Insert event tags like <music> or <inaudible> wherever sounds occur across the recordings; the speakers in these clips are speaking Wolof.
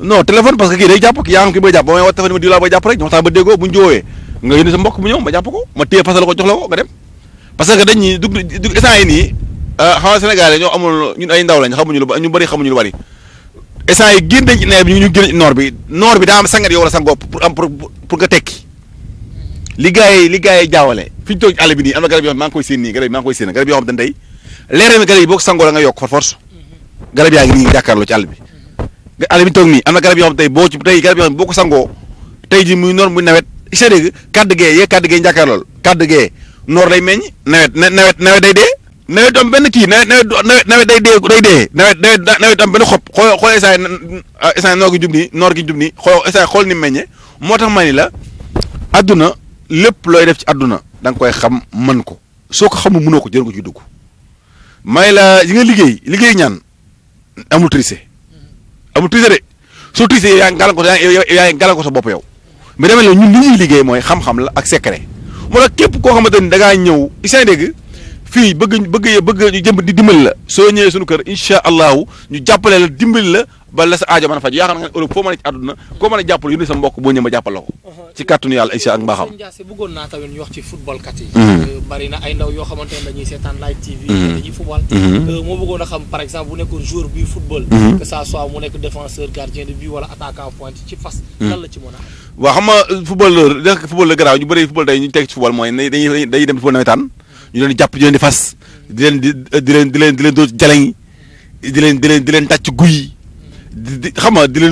non téléphone parce que kii day jàpp yaa xam kii bay jàpp ba may wax téléphone ma diw laa jàpp rek ñu waxtaan ba déggoo bu ñu nga yónni sa mbokk mu ñëw ma jàpp ko ma téye fasal ko jox la ko nga dem parce que dañ ñi dug dug yi nii euh, xam nga Sénégal ñoo amul ñun ay ndaw lañ xamuñu lu ñu bëri xamuñu lu bëri instant yi génn dañ ci bi ñu génn noor bi noor bi daa am sangat yow la sangoo pour am pour nga tekki li gars yi li gars yi jaawale fi toog ci bi àll bi toog nii am na garab yoo xam tey boo ci tey garab yoo xam boo ko sangoo tey ji muy noor muy nawet c'est dégg kaddu gee yee kàdd gee njàkkaar lool kaddu gee noor lay meññ nawet nawet nawet day dee nawet am benn kii nawet nawet nawet day dee day dee nawet nawet nawet am benn xob xool xool esaay ah, esaay noor gi jub nii noor gi jub nii xool esaay xool ni meññe moo tax ma ni la àdduna lépp looy def ci àdduna danga koy xam mën ko soo ko xamul mënoo ko jël ko ci dugg may la yi nga liggéey liggéey ñaan amul amul tricher de soo tricher yow yaa ngi gàllankoor sa bopp yow mais demee la ñun li liggéey mooy xam-xam la ak secret moo tax képp koo xamante ni da ñëw isaan dégg fii bëgg bëgg bëgg jëm di dimbali la soo ñëwee suñu kër incha allahu ñu jàppale la dimbali la ba la sa aajo mën a faj yaakaar nga Europe foo mën a ci àdduna koo mën a jàppale yu ne sa mbokk boo ñëw ma jàppale ko ci kàttanu yàlla incha ak mbaaxam bëggoon naa tamit ñu wax ci football kat yi hmm. bari na ay ndaw yoo xamante ne dañuy seetaan live TV hmm. dañuy football hmm. Euh, moo bëggoon a xam par exemple bu nekkoon joueur bi football que ça soit mu nekk défenseur gardien de but wala attaquant pointe ci fas lan la ci mën a am waaw xam nga footballeur football la garaaw ñu bëri football day ñu teg ci football mooy dañuy dem football nawetaan ñu leen jàpp di leen di fas di leen di di leen di leen di leen dóor jaleñ di leen di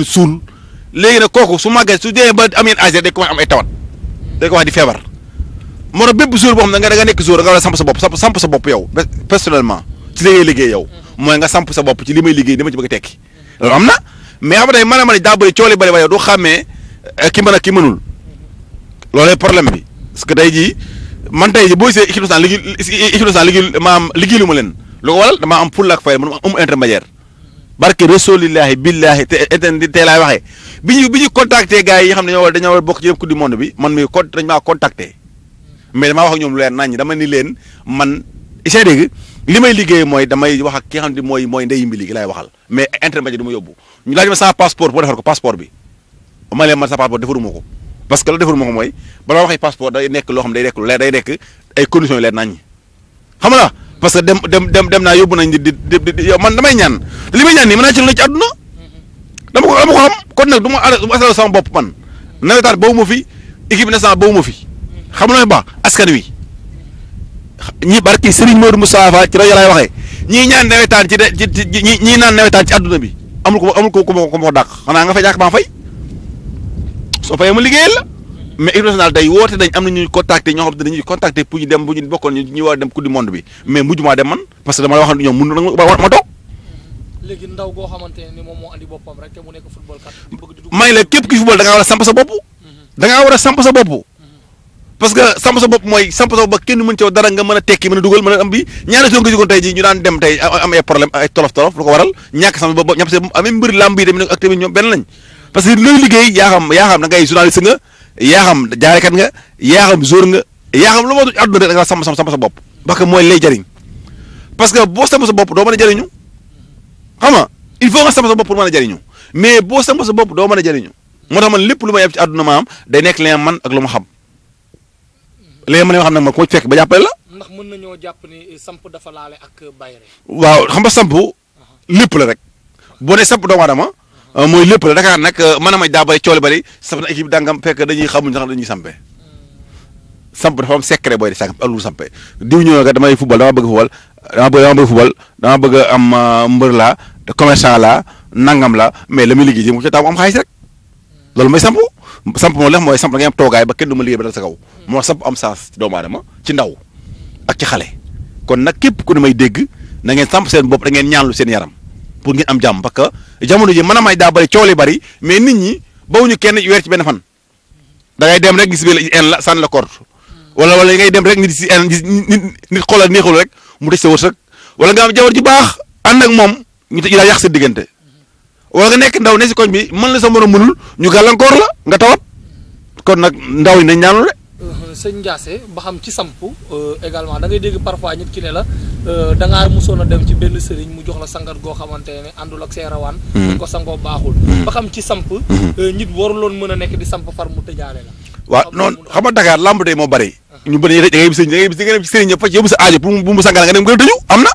léegi nag kooku su màggee su dee ba am yenn âge day commencé am ay tawat day commencé di feebar moo tax bépp jour boo xam ne nga nga nekk jour samp sa bopp samp samp sa bopp yow personnellement ci li ngay liggéey mooy nga samp sa bopp ci li may liggéey dama ci bëgg a tekki loolu am na mais xam nga tey mën a mën a daa bëri coole bëri ba yow du xàmmee eh, ki mën ak ki mënul loolu problème bi parce que tey man tey ji boo gisee équipe nationale liggéey équipe nationale liggéey maanaam liggéey ma leen lu ko waral damaa am fulla ak fayda man am intermédiaire barke rasulillahi billahi te te tey bi ñu bi ñu contacté gars yi nga xam ne dañoo dañoo war bokk ci yëpp coupe du monde bi man mi con dañ maa contacté mais wax ñoom lu leer naññ dama ni leen man c'est dégg li may liggéey mooy damay wax ak ki nga xam ne mooy mooy ndey mbi ligi laay waxal mais intermédiaire du ma yóbbu ñu laaj ma sa passeport boo defar ko passeport bi ma leen man sa passeport defaruma ko parce que la moo moom mooy balaa waxee passeport day nekk loo xam day nekk ay conditions yu leer naññ xam nga parce que dem dem dem dem naa yóbbu nañ di di di yow man damay ñaan li may ñaan ni mën naa ci la ci àdduna dama ko dama ko xam kon nag du ma asal sama bopp man nawetaat boobu ma fi équipe nationale boobu ma fi xam nga ba askan wi ñi barki Serigne Modou Moustapha ci rajo laay waxee ñii ñaan nawetaan ci de ci ñi ñii naan nawetaan ci bi amul ko amul ko ko ma xanaa nga fay ñàkk maa fay. soo payee mu liggéeyal la mais équipe nationale day woote dañ am na ñuy contacter ñoo xam ne dañuy mais mujj ki football da war a samp sa bopp. Mhm. da war a samp sa bopp. Mhm. parce que samp sa bopp mooy samp sa bopp ba kenn mën ca dara nga mën a tekki mën a dugal mën a am bi ñaari soo nga jógoon tey ñu daan dem tey am problème ay tolof tolof lu ko waral ñàkk sama bopp ñàpp sa amee mbir làmb tamit ñoom benn lañ parce que looy liggéey yaa xam yaa xam da ngay journaliste nga yaa xam jaarekat nga yaa xam jour nga yaa xam lu ma tudd àdduna rek da nga sàmm sa bopp parce que mooy lay jariñ parce que boo sàmm sa bopp doo mën a jariñu il faut nga sàmm sa bopp a jariñu mais boo sàmm sa bopp doo mën a jariñu moo tax man lépp lu ma yeb ci àdduna maam day nekk li man ak lu ma xam li ma xam nag man ko fekk ba jàppale la. ndax mën nañoo jàpp ni samp dafa laale ak bayre waaw xam nga samp lépp la rek boo ne samp doomu aadama Euh, mooy lépp la Dakar nag euh, mën a maj daa bay coole bari saf na équipe dangam fekk dañuy xamuñ sax dañuy sampe samp dafa am secret booy di sànq alul sampe diw ñëw nga damay football dama bëgg football dama bëgg dama bëgg football bëgg am euh, mbër laa commerçant la nangam la mais la muy liggéey ji mu ci taw am xaalis rek loolu mooy samp samp moo lex mooy samp da ngay am toogaay ba kenn du ma liggéey ba dal sa kaw moo samp am saas doomu aadama ci ndaw ak ci xale kon nag képp ku ne may dégg na ngeen samp seen bopp da ngeen ñaanlu seen yaram pour ngeen am jàmm parce jamono ji mën a may daa bëri coow bari mais nit ñi ñu kenn weer ci benn fan da ngay dem rek gis bi en la san la kort wala wala ngay dem rek nit si en nit nit xoolal neexul rek mu des sa wërsëg wala nga am jabar ji baax ànd ak moom ñu daal yàq sa diggante wala nga nekk ndaw ne si koñ bi man la sa mën a mënul ñu gàllankoor la nga tawat kon nag ndaw yi nañ ñaanul sëñ Ndiassé ba xam ci samp euh, également da ngay dégg parfois nit ki ne la euh, da ngaa mosoon dem ci benn sëriñ mu jox la sangat goo xamante ne àndul ak say rawaan hmm. ko baaxul hmm. ba xam ci samp hmm. euh, nit waruloon mën a nekk di samp far mu tëjaale la waaw noonu xam nga Dakar moo bëri uh-huh. ñu bëri da ngay bis da ngay bis da ngay dem ci sëriñ ñëpp faj yóbbu sa aajo pour mu sangal nga dem nga tëju am na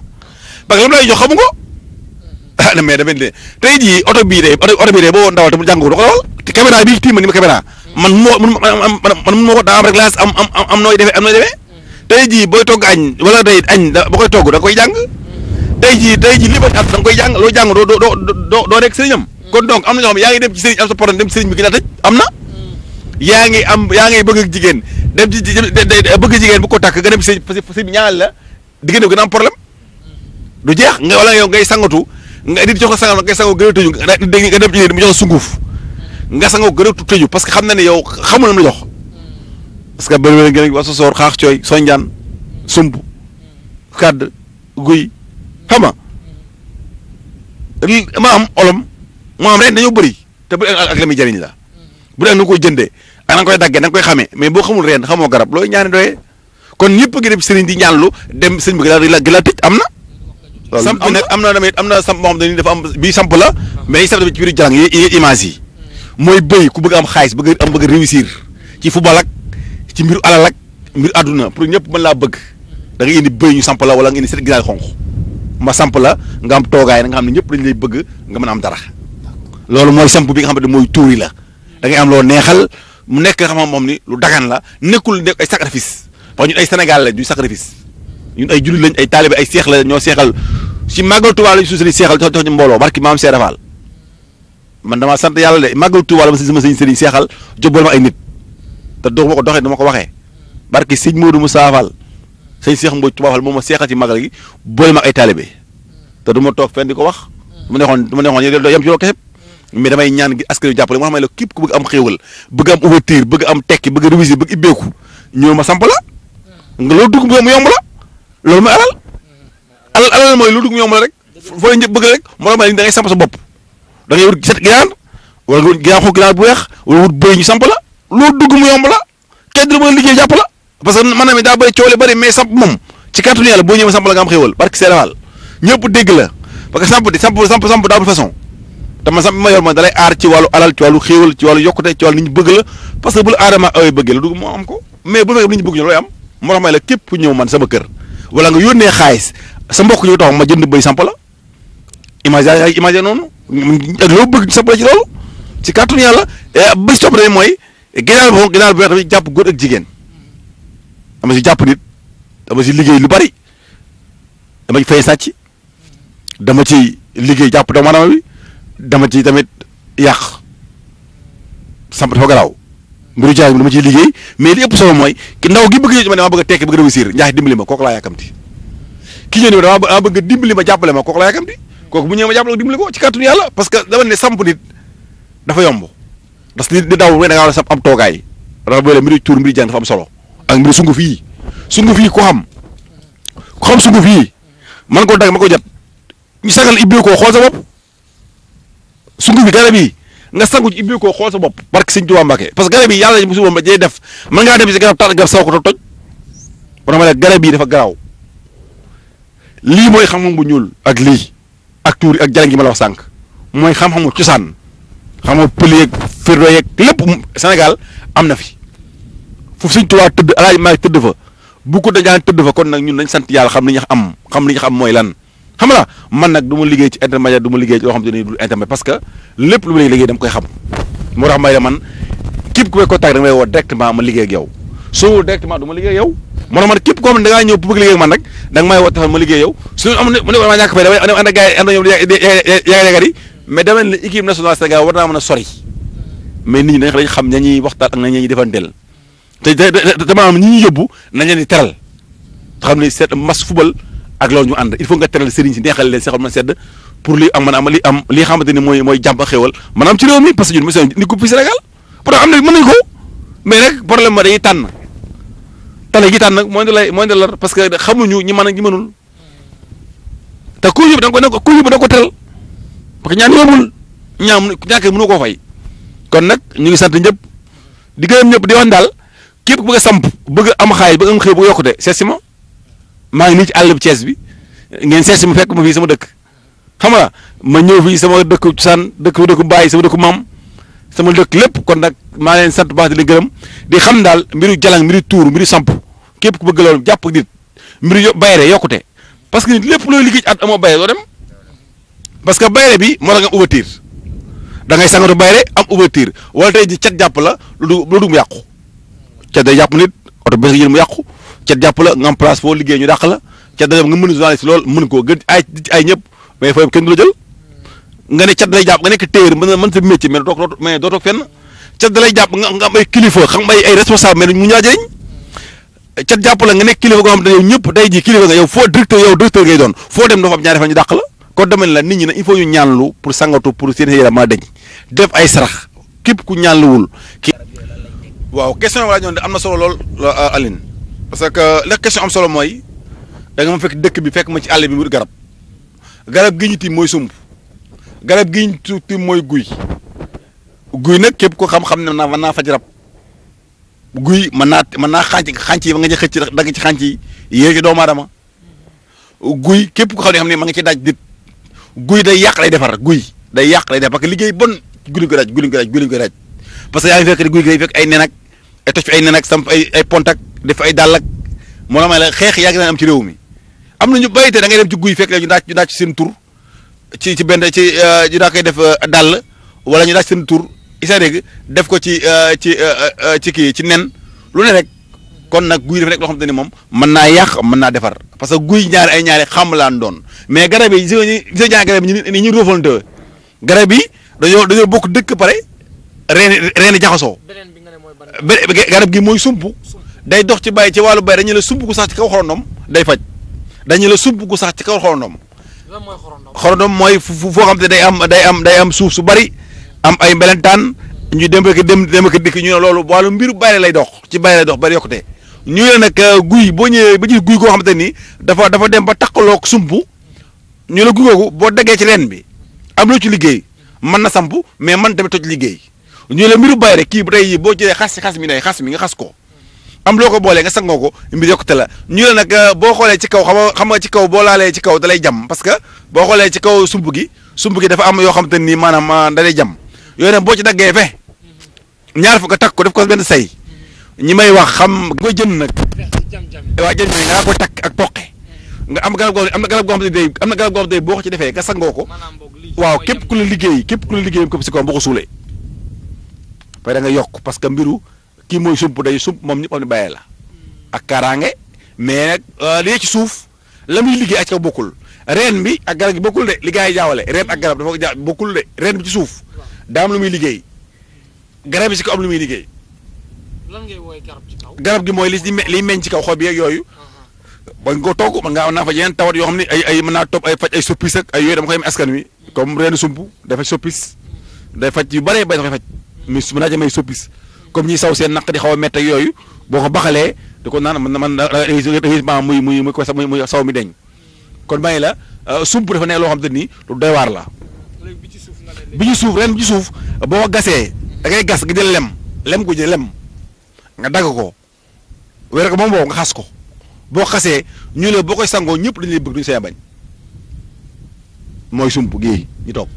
parce que lam lay jox xamu ko uh-huh. <laughs> ah mais damay ne tey jii oto bii oto bii boo ndawal te mu jàngu man mënoo man man mënoo ko daa am rek laas am am am nooy defee am nooy tey jii booy togg añ wala day añ da ba koy togg da koy jàng tey jii tey jii li ba da nga koy jàng loo jàng doo doo doo sëriñam kon donc am na ñoo xam yaa ngi dem ci sëriñ am sa problème dem sëriñ a na yaa ngi am yaa ngi bëgg jigéen dem ci bëgg jigéen bu ko tàkk nga dem ci sëriñ bi ñaanal la diggante bi gën a am problème du jeex nga wala ngay sangatu nga di jox ko sangatu ngay sangu gën nga dem ci mu jox sunguf ngasa nga gën a tëju parce que xam na ne yow xamul lu mu jox parce que bëri na gën a wasu soor xaax cooy soñjaan sumb kàdd guy xam nga ma am olom moo am rek dañoo bëri te bu ak la muy jëriñ la bu dee na koy jëndee ak na koy daggee na nga koy xamee mais boo xamul reen xamoo garab looy ñaani doyee kon ñëpp ngi dem sëriñ di ñaanlu dem sëriñ bi gën a a na. samp bi na tamit am na samp moo dafa am bii samp la ah. mais samp tamit ci biir jalang yi image yi. mooy bëy ku bëgg am xaalis bëgg am bëgg réussir ci football ak ci mbiru alal ak mbir àdduna pour ñëpp mën laa bëgg danga indi bëy ñu samp la wala nga indi set ginaar xonq ma samp la nga am toogaay na nga xam ne ñëpp dañu lay bëgg nga mën a am dara loolu mooy samp bi nga xam ne mooy tuuri la da ngay am loo neexal mu nekk nga xam moom ni lu dagan la nekkul nekk ay sacrifice parce que ay Sénégal la du sacrifice ñun ay jullit lañ ay taalibe ay seex la ñoo seexal si màggal Tuubaa lañ suus ni seexal tax ñu mbooloo barki man dama sant yàlla de màggal Tuuba la ma si sama sëñ sëriñ seexal jëbbal ma ay nit te dox ma ko doxee dama ko waxee barke sëñ Modou Moussa Fall sëñ Seex Mbooj Tuuba moo ma seexal ci màggal gi boole ma ak ay du ma toog fenn di ko wax du ma neexoon du ma neexoon yéen doo yem ci loolu kese mais ñaan gi askan wi jàppale moo xam ne la képp ku bëgg am xéewal bëgg am ouverture bëgg am tekki bëgg réviser bëgg ibbeeku ñëw ma samp la nga loolu dugg yomb la loolu mooy alal alal alal mooy loolu dugg mu yomb la rek foo leen bëgg rek moo la may da ngay samp sa bopp da ngay wut set ginaar wala nga wut ginaar la loolu dugg mu yomb a liggéey jàpp la parce que man mais samp moom boo ñëwee samp la nga la parce que samp di samp samp samp daa façon te man samp ma yor ma da wàllu alal ci wàllu xéwal ci wàllu yokkute ci wàllu nit bëgg parce que bu la aadama awee bëggee la dugg moo am ko mais bu fekkee nit ñi bëgg ñu man sama kër wala nga yónnee xaalis sa mbokk ñu taxaw ma jënd bëy samp la image image noonu ak loo bëgg soppale ci loolu yàlla eh, ba si topp rek mooy ginaar boobu ginaar tamit jàpp góor ak jigéen dama si jàpp nit dama si liggéey lu bari dama ci fay sàcc dama ci liggéey jàpp doomu aadama bi ci tamit yàq samp dafa garaaw mbiru jaay dama ciy mooy ki ndaw gi bëgg ma dama bëgg a tekki bëgg a réussir njaax dimbali ma kooku laa yàkkamti ki ñëw ni ma dama bëgg dimbali ma jàppale ma kooku laa yàkkamti kooku bu ñëwee ma jàppale di dimbali ko ci kàttanu yàlla parce que dama ne samp nit dafa yomb parce que di daw nga da ngaa war a am toogaay dafa boole mbiru tuur mbiru jàng dafa am solo ak mbiru sunguf yi sunguf yi ko xam ko xam sunguf yi man ko dag ma ko jot ñu sagal ibbee koo xool sa bopp sunguf yi garab yi nga sangu ci ibbee bopp barke sëñ Tuubaa Mbàkke parce que garab yi yàlla nañ mosul woon ba jëy def mën ngaa dem si garab taat garab saw ko toj ba dama ne garab yi dafa garaaw lii xam bu ñuul ak lii ak tuur ak jalañ gi ma la wax sànq mooy xam-xamu cosaan xamoo pël yeeg firdo yeeg lépp Sénégal am na fi fu ñu Tuubaa tëdd alaaj maa tëdd fa bu ko tëdd fa kon nag ñun nañ sant yàlla xam li ñu am xam li ñu xam mooy lan xam la man nag du ma liggéey ci intermédiaire du ma liggéey ci loo xam parce que lépp lu ma liggéey dama koy xam moo tax may man képp ku may contact da nga may woo directement ma liggéey ak soo directement du ma liggéey ak yow moo man képp koo xam ne da ngaa ñëw bëgg liggéey ak man rek da nga may woo taxal ma liggéey yow suñu am mu ma ñàkk fay dama ànd ak gars yi ànd ñoom yagar yi mais dama ne équipe nationale Sénégal war naa mën a sori mais nit ñi ne seet mas fubal ak loolu ñu ànd il faut nga teral sëriñ si neexal leen a sedd problème ma dañuy tànn tale gi tànn nag mooy di lay mooy lar parce que xamuñu ñi mën ak ñi mënul te ku yóbbu da nga ko ku yóbbu da ko teral parce que ñaan yombul ñaam ñàkk a koo fay kon nag ñu ngi sant ñëpp di gërëm ñëpp di wax daal képp bëgg am xaay bëgg am xëy bëgg a ma maa ngi nii ci àll bi Thiès bi ngeen seet si ma fekk ma fii sama dëkk xam nga ma ñëw fii sama dëkk san dëkk dëkku baay sama dëkku maam sama dëkk lépp kon nag maa leen sant baax di leen gërëm di xam daal mbiru jalang mbiru tuur mbiru samp képp ku bëgg loolu jàpp nit mbir yo bayre yokkute parce que nit lépp looy liggéey at a bayre doo dem parce que bayre bi moo tax nga ouverture da ngay sangatu bayre am ouverture wala tey ji cat jàpp la lu du lu du mu yàqu cat jàpp oto bés nga jël mu yàqu cat jàpp la nga am place foo liggéey da dem nga mën lool mën koo gën ay ñëpp mais foofu kenn du la jël nga ne cat day jàpp nga nekk téer mën mën sa métier mais fenn cat dalay jàpp nga am ay kilifa xam ay ay responsable mais mu ñaa jëriñ ca jàpp la nga nekk kilifa goo xam ne yow ñëpp day ji kilifa nga yow foo directeur yow directeur ngay doon foo dem dafa am ñaari fan ñu dàq la kon dama ne la nit ñi nag il faut ñu ñaanlu pour sangatu pour seen yaram maa deñ def ay sarax képp ku ñaanluwul ki waaw question wala ñoon de am na solo lool euh, Aline parce que la question am solo mooy da nga ma fekk dëkk bi fekk ma ci àll bi mu garab garab gi ñu tiim mooy sumb garab gi ñu tiim mooy guy guy nag képp ko xam-xam ne naa naa faj rab guy mën naa mën naa xànc xànc yi ba nga ci xëcc dagg ci xànc yi yéegi doomu aadama guy képp ko xam ne xam ne ma nga ci daj dit guy day yàq lay defar guy day yàq lay defar parce que liggéey bon guy ko daj guy ko daj ko daj parce que yaa ngi fekk guy gi ay nen ak ay toj fi ay ay ay pont def ay dàll ak moo la may xeex yàgg na am ci réew mi am na ñu da ngay dem ci guy fekk la ñu daaj ñu daaj ci seen tur ci ci benn ci euh, ñu daa koy def euh, dàll wala ñu daaj seen tur isa dégg def ko ci euh, ci euh, euh, ci kii ci nen lu ne rek kon nag guy dafa nekk loo xam te ni moom mën naa yàq mën naa defar parce que guy ñaari ay ñaari xam laan doon mais garab yi gis nga ñuy gis nga garab yi ñu ñu roofalante garab yi dañoo bokk dëkk pare reen reen jaxasoo garab gi mooy sump day dox ci bàyyi ci wàllu bay dañu la sump gu sax ci kaw xorondom day faj dañu la sump gu sax ci kaw xorondom xorondom mooy foo xam te day am day am day am suuf su bari am ay melentaan ñu dem ak dem dem ak dikk ñu ne loolu wàllu mbiru bari lay dox ci bari lay dox bari yokkute ñu ne nag euh, guy boo ñëwee ba ci guy goo xamante ni dafa dafa dem ba taqaloog sump ñu la guy googu boo degee ci leen bi am loo ci liggéey man na samp mais man tamit toj liggéey ñu la mbiru bàyyi rek kii bu tey boo jëlee xas si xas mi nay xas mi nga xas ko am loo ko boolee nga sangoo ko mbir yokkute la ñu la nag euh, boo xoolee ci kaw xam nga xam ci kaw boo laalee ci kaw dalay jam parce que boo xoolee ci kaw sump gi sump gi dafa am yoo xamante ni maanaam euh, dalay jam yooyu nag boo ci daggee fe ñaar fukk takk ko def ko benn say ñi may wax xam nga jën jënd nag waa jënd mooy nga ko takk ak poqe nga am garab goo am na xam day am na garab boo ko ci defee nga sangoo ko waaw képp ku la liggéey képp ku la liggéey ko si kawam boo ko suulee pare da parce que mbiru kii mooy sump day sump moom ñëpp am ne bàyyee la ak karaange mais nag euh, ci suuf la muy liggéey ak kaw bokkul reen bi ak garab gi bokkul de li gars yi jaawale reen ak garab dafa bokkul de reen bi ci suuf daam lu muy liggéey garab yi si ko am lu muy liggéey. lan ngay woowee garab ci kaw. gi mooy li si liy meññ ci kaw xob yeeg yooyu. ba nga ko togg mën ngaa am na fa yeneen tawat yoo xam ne ay man mën naa topp ay faj ay soppis ak ay yooyu dama koy am askan wi comme reen sump dafa bay da koy faj mais su ma laajee may soppis comme ñi saw seen naq di xaw a métteeg yooyu boo ko baxalee da ko naan man man da muy muy muy saw mi deñ kon may la uh, sump dafa nekk loo xam te ni lu doy la. bi ñu suuf ren bi ci suuf boo gasee da ngay gas gi jël lem lem ko jël lem nga dagg ko weer ko moom boobu nga xas ko boo xasee ñu la boo koy sangoo ñëpp dañu lay bëgg duñu bañ mooy sump gii ñu toog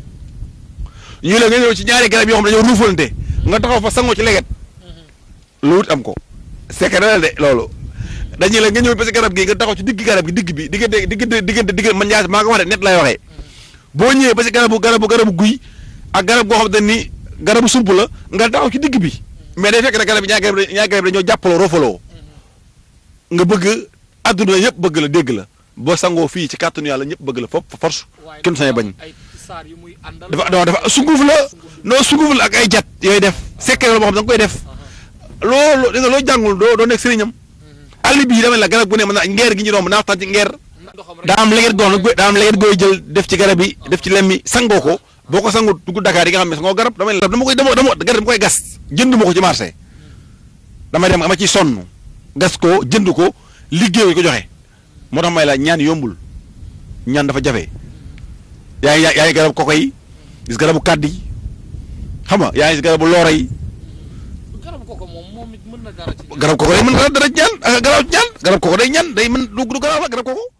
ñu la nga ñëw ci ñaari garab yoo xam dañoo ruufalante nga taxaw fa sangoo ci leget mhm. lu wut am ko sekk na loolu dañu la nga ñëw ba si garab gi nga taxaw ci digg garab gi digg bi diggante diggante diggante man maa ngi wax de net lay waxee mhm. boo ñëwee ba si garabu garabu garabu guy ak garab goo xam ne ni garabu sump la nga daaw ci digg bi mais day fekk ne garab yi ñaari garab ñaari garab dañoo jàppaloo roofaloo nga bëgg yëpp bëgg la dégg la boo sangoo fii ci kàttanu yàlla ñëpp bëgg la fop force kenn sañ bañ dafa dafa dafa sunguf la noo sunguf la ak ay jat yooyu def sekkee la boo xam da koy def uh-huh. loolu da nga loo jàngul doo doo nekk sëriñam uh-huh. àll bii dama la garab gu ne mën naa ngeer gi ñu romb naataan ci ngeer daa am leget goo daa am leget gooy jël def ci garab yi def ci lem sangoo ko boo ko sangut dugg Dakar yi nga xam ne sangoo garab damay dama koy dama dama garab dama koy gas jënd ma ko ci marché damay dem ama ciy sonn gas ko jënd ko liggéey ko joxe moo tax may la ñaan yombul ñaan dafa jafe yaay ngi yaa garab koko yi gis garabu kàdd yi xam nga yaa ngi gis garabu loora yi. garab koko moom mën na dara ci. garab koko day mën dara dara ñaan ah, garab koko day ñaan day mën du du garab la ah, garab koko.